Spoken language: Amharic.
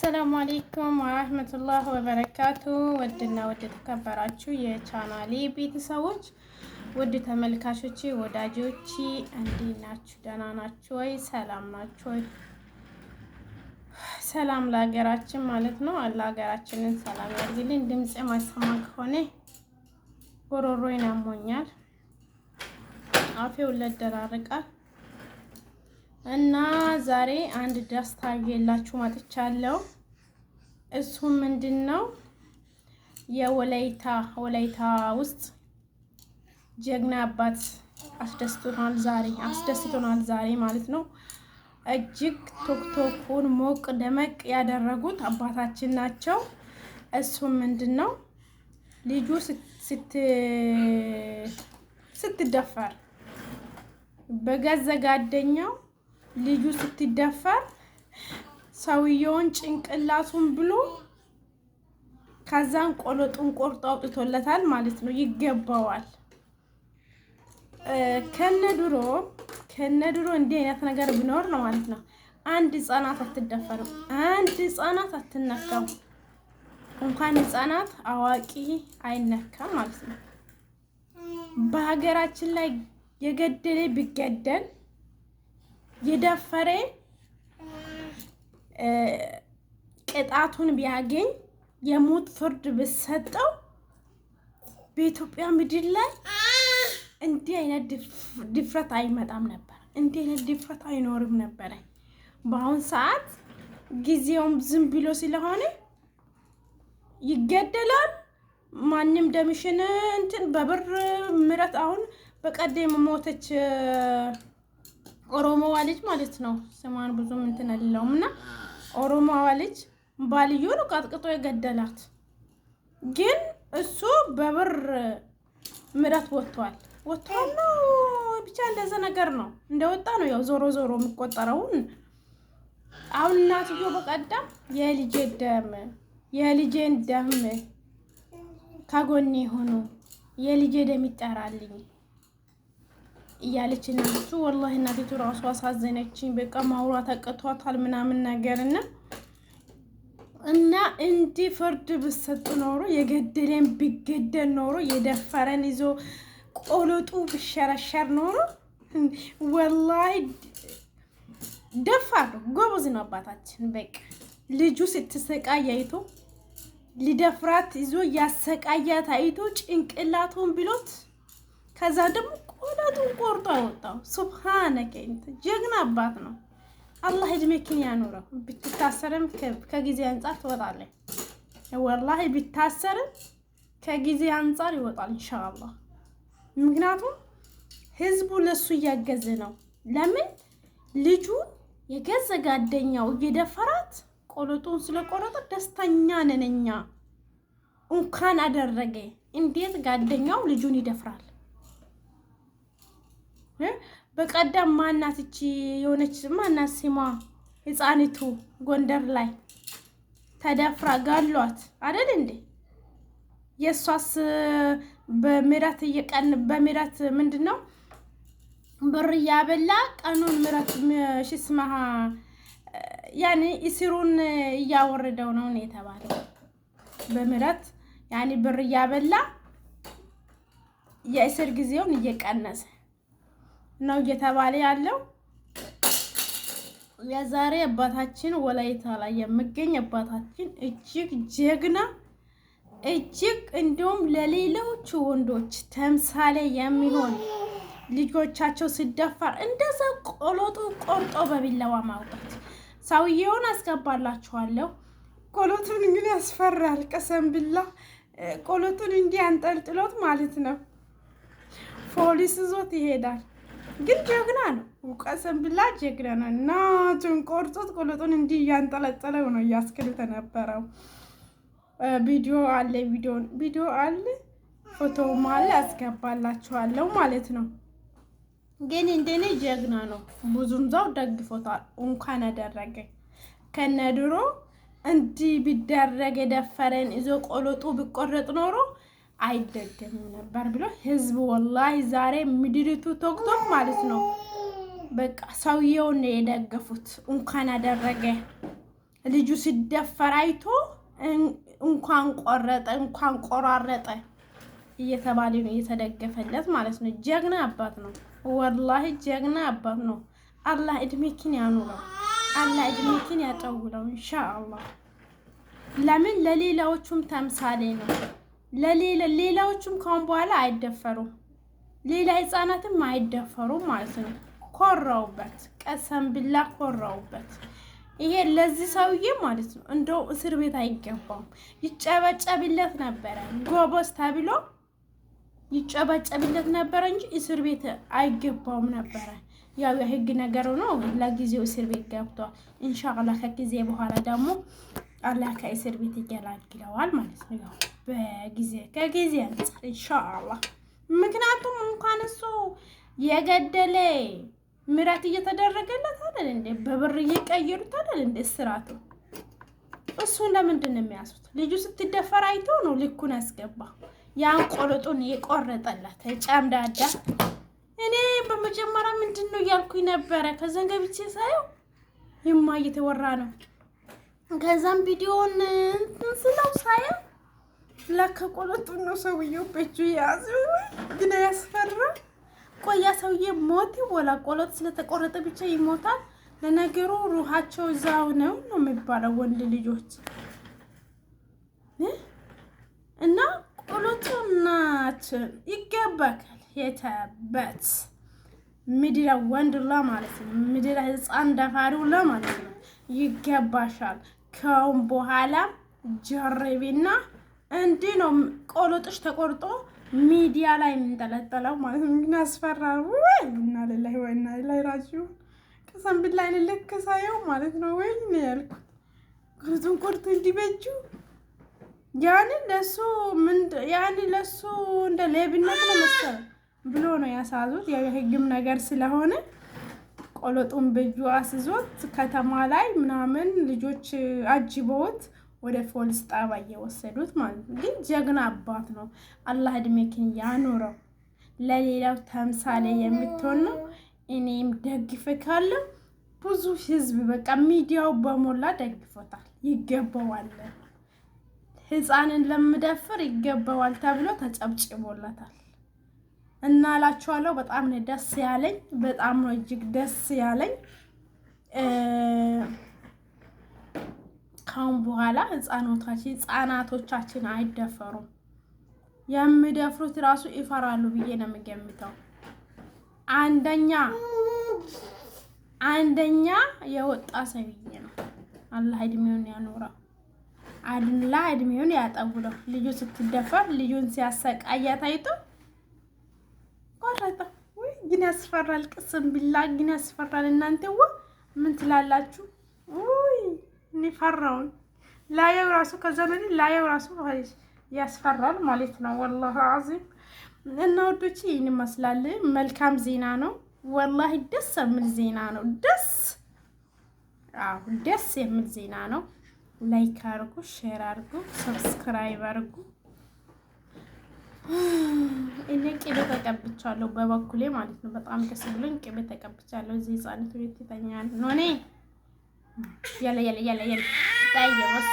አሰላሙ አሌይኩም ወረህመቱላህ ወበረካቱ። ውድና ውድ ተከበራችሁ የቻናሌ ቤተሰቦች፣ ውድ ተመልካቾች፣ ወዳጆች እንዴት ናችሁ? ደህና ናችሁ ወይ? ሰላም ናችሁ ወይ? ሰላም ለሀገራችን ማለት ነው። አለ ሀገራችንን ሰላም ያድርግልን። ድምፅ ማይሰማ ከሆነ ጉሮሮዬን ያሞኛል፣ አፌ ሁለት ደራርቃል። እና ዛሬ አንድ ደስታ ይዤላችሁ ማጥቻለሁ። እሱ ምንድን ነው? የወላይታ ወላይታ ውስጥ ጀግና አባት አስደስቶናል ዛሬ አስደስቶናል ዛሬ ማለት ነው። እጅግ ቶክቶኩን ሞቅ ደመቅ ያደረጉት አባታችን ናቸው። እሱም ምንድን ነው ልጁ ስትደፈር በገዛ ጓደኛው ልጁ ስትደፈር ሰውየውን ጭንቅላቱን ብሎ ከዛን ቆሎጡን ቆርጦ አውጥቶለታል ማለት ነው። ይገባዋል። ከነ ድሮ ከነ ድሮ እንዲህ አይነት ነገር ቢኖር ነው ማለት ነው። አንድ ህጻናት አትደፈርም። አንድ ህጻናት አትነካም። እንኳን ህጻናት አዋቂ አይነካም ማለት ነው። በሀገራችን ላይ የገደለ ቢገደል የደፈረ ቅጣቱን ቢያገኝ የሞት ፍርድ ብሰጠው በኢትዮጵያ ምድር ላይ እንዲህ አይነት ድፍረት አይመጣም ነበር። እንዲህ አይነት ድፍረት አይኖርም ነበረ። በአሁን ሰዓት ጊዜውም ዝም ብሎ ስለሆነ ይገደላል። ማንም ደምሽን እንትን በብር ምረት አሁን በቀደም ሞተች ልጅ ማለት ነው ስሟን ብዙም እንትን አልለውም እና ኦሮሞዋ ልጅ ነው ቀጥቅጦ የገደላት ግን እሱ በብር ምረት ወጥቷል ወጥቷል ነው ብቻ እንደዛ ነገር ነው እንደወጣ ነው ያው ዞሮ ዞሮ የሚቆጠረውን አሁን እናትዮ በቀደም የልጄ ደም የልጄን ደም ከጎኔ ሆኖ የልጄ ደም ይጠራልኝ እያለች እናቱ ወላሂ እናቴቱ ራሱ አሳዘነችኝ። በቃ ማውራት አቅቷታል ምናምን ነገር እና እና እንዲህ ፍርድ ብሰጥ ኖሮ የገደለን ቢገደል ኖሮ የደፈረን ይዞ ቆሎጡ ብሸረሸር ኖሮ ወላሂ ደፋር ጎበዝ ነው አባታችን። በቃ ልጁ ስትሰቃይ አይቶ ሊደፍራት ይዞ ያሰቃያት አይቶ ጭንቅላቱን ብሎት ከዛ ደግሞ ወዳቱን ቆርጦ አይወጣው ሱብሃነከ ጀግና አባት ነው። አላህ እድሜክን ያኑረው። ብትታሰርም ከጊዜ አንጻር ትወጣለች። ወላሂ ቢታሰርም ከጊዜ አንጻር ይወጣል ኢንሻአላህ። ምክንያቱም ህዝቡ ለሱ እያገዘ ነው። ለምን ልጁ የገዘ ጋደኛው እየደፈራት ቆለጡን ስለቆረጠ ደስተኛ ነነኛ እንኳን አደረገ። እንዴት ጋደኛው ልጁን ይደፍራል? በቀደም ማናት እቺ የሆነች ማናት ሲማ ህፃኒቱ ጎንደር ላይ ተደፍራ ጋሏት አይደል እንዴ? የእሷስ በምረት እየቀን በምረት ምንድን ነው ብር እያበላ ቀኑን ምረት ሽስመሃ ያኔ እስሩን እያወረደው ነው ነው የተባለው። በምረት ያኔ ብር እያበላ የእስር ጊዜውን እየቀነሰ ነው እየተባለ ያለው። የዛሬ አባታችን ወላይታ ላይ የሚገኝ አባታችን እጅግ ጀግና እጅግ እንዲሁም ለሌሎቹ ወንዶች ተምሳሌ የሚሆን ልጆቻቸው ሲደፈር እንደዛ ቆሎጡ ቆርጦ በቢላዋ ማውጣት። ሰውየውን አስገባላችኋለሁ። ቆሎቱን እንግዲህ ያስፈራል። ቀሰም ብላ ቆሎቱን እንዲህ አንጠልጥሎት ማለት ነው። ፖሊስ ይዞት ይሄዳል። ግን ጀግና ነው። ውቀሰን ብላ ጀግና ነው። እናቱን ቆርጦት ቁልጡን እንዲህ እያንጠለጠለው ነው እያስክል ተነበረው። ቪዲዮ አለ፣ ቪዲዮን ቪዲዮ አለ፣ ፎቶውም አለ፣ አስገባላችኋለሁ ማለት ነው። ግን እንደኔ ጀግና ነው። ብዙም ሰው ደግፎታል። እንኳን አደረገ ከነድሮ እንዲህ ቢደረግ የደፈረን ይዞ ቆልጡ ቢቆረጥ ኖሮ አይደገምም ነበር ብሎ ህዝብ ወላሂ ዛሬ ምድሪቱ ቶክቶክ ማለት ነው። በቃ ሰውየውን የደገፉት እንኳን አደረገ ልጁ ሲደፈር አይቶ እንኳን ቆረጠ እንኳን ቆራረጠ እየተባለ ነው እየተደገፈለት ማለት ነው። ጀግና አባት ነው፣ ወላሂ ጀግና አባት ነው። አላህ እድሜኪን ያኑረው፣ አላህ እድሜኪን ያጠውለው። እንሻ ለምን ለሌላዎቹም ተምሳሌ ነው። ለሌላዎቹም ካሁን በኋላ አይደፈሩም። ሌላ ህፃናትም አይደፈሩም ማለት ነው። ኮራውበት፣ ቀሰም ብላ ኮራውበት። ይሄ ለዚህ ሰውዬ ማለት ነው እንደው እስር ቤት አይገባም። ይጨበጨብለት ነበረ ጎበዝ ተብሎ ይጨበጨብለት ነበረ እንጂ እስር ቤት አይገባውም ነበረ። ያው የህግ ነገር ነው። ለጊዜው እስር ቤት ገብቷል። እንሻላ ከጊዜ በኋላ ደግሞ አላህ ከእስር ቤት ይገላግለዋል ማለት ነው። ያው በጊዜ ከጊዜ አንጻር ኢንሻአላህ። ምክንያቱም እንኳን እሱ የገደለ ምራት እየተደረገለት አይደል እንዴ? በብር እየቀየሩት አይደል እንዴ? እስራቱ እሱን ለምንድን ነው የሚያሱት? ልጁ ስትደፈር አይቶ ነው ልኩን አስገባ። ያን ቆለጡን የቆረጠላት ጫምዳዳ። እኔ በመጀመሪያ ምንድን ነው እያልኩኝ ነበረ። ከዘንገብቼ ሳየው ይማ እየተወራ ነው ከዛም ቪዲዮን እንትን ስለው ሳያ ላከ ቆለጡ ነው ሰውየው በእጁ ያዝ ግን ያስፈራ። ቆያ ሰውዬ ሞት ይወላ ቆለጥ ስለተቆረጠ ብቻ ይሞታል። ለነገሩ ሩሃቸው እዛው ነው ነው የሚባለው ወንድ ልጆች እና ቆለጡናችን ይገባካል። የተበት ምድረ ወንድ ላ ማለት ነው ምድረ ህፃን ደፋሪው ላ ማለት ነው ይገባሻል። ከውን በኋላ ጀርቢና እንዲህ ነው ቆሎጥሽ ተቆርጦ ሚዲያ ላይ የምንጠለጠለው ማለት ነው። ግን ያስፈራል። ወይ እና ለላይ ወይ እና ለላይ ራሱ ከሰም ቢላይ ልክ ሳየው ማለት ነው ወይ ነው ያልኩት። ቆርጡን ቆርጡ እንዲበጁ ያን ለሱ ምን ያን ለሱ እንደ ሌብነት ነው መሰለኝ ብሎ ነው ያሳዙት የህግም ነገር ስለሆነ ቆሎጡን በእጁ አስዞት ከተማ ላይ ምናምን ልጆች አጅበውት ወደ ፖሊስ ጣቢያ እየወሰዱት ማለት ነው። ግን ጀግና አባት ነው። አላህ እድሜክን ያኖረው ለሌላው ተምሳሌ የምትሆን ነው። እኔም ደግፍካለሁ። ብዙ ህዝብ በቃ ሚዲያው በሞላ ደግፎታል። ይገባዋል፣ ህፃንን ለምደፍር ይገባዋል ተብሎ ተጨብጭቦላታል። እና እላችኋለሁ በጣም ነው ደስ ያለኝ። በጣም ነው እጅግ ደስ ያለኝ። ካሁን በኋላ ህፃኖቻችን ህፃናቶቻችን አይደፈሩም። የሚደፍሩት ራሱ ይፈራሉ ብዬ ነው የምገምተው። አንደኛ አንደኛ የወጣ ሰውዬ ነው። አላህ እድሜውን ያኖረው፣ አድላ እድሜውን ያጠውለው። ልጁ ስትደፈር ልጁን ሲያሰቃያት አይቶ ቆረጠ። ወይ ግን ያስፈራል። ቅስም ቢላ ግን ያስፈራል። እናንተ ዋ ምን ትላላችሁ? ወይ እኔ ፈራውን ላየው ራሱ ከዘመን ላየው ራሱ ያስፈራል ማለት ነው። ወላሂ አዚም እና ወዶች ይህን ይመስላል። መልካም ዜና ነው። ወላሂ ደስ የሚል ዜና ነው። ደስ አዎ ደስ የሚል ዜና ነው። ላይክ አርጉ፣ ሼር አርጉ፣ ሰብስክራይብ አርጉ። እኔ ቅቤ ተቀብቻለሁ በበኩሌ ማለት ነው። በጣም ደስ ብሎኝ ቅቤ ተቀብቻለሁ። እዚህ ህጻናት ቤት ይተኛል እኔ ያለ ያለ ያለ ያለ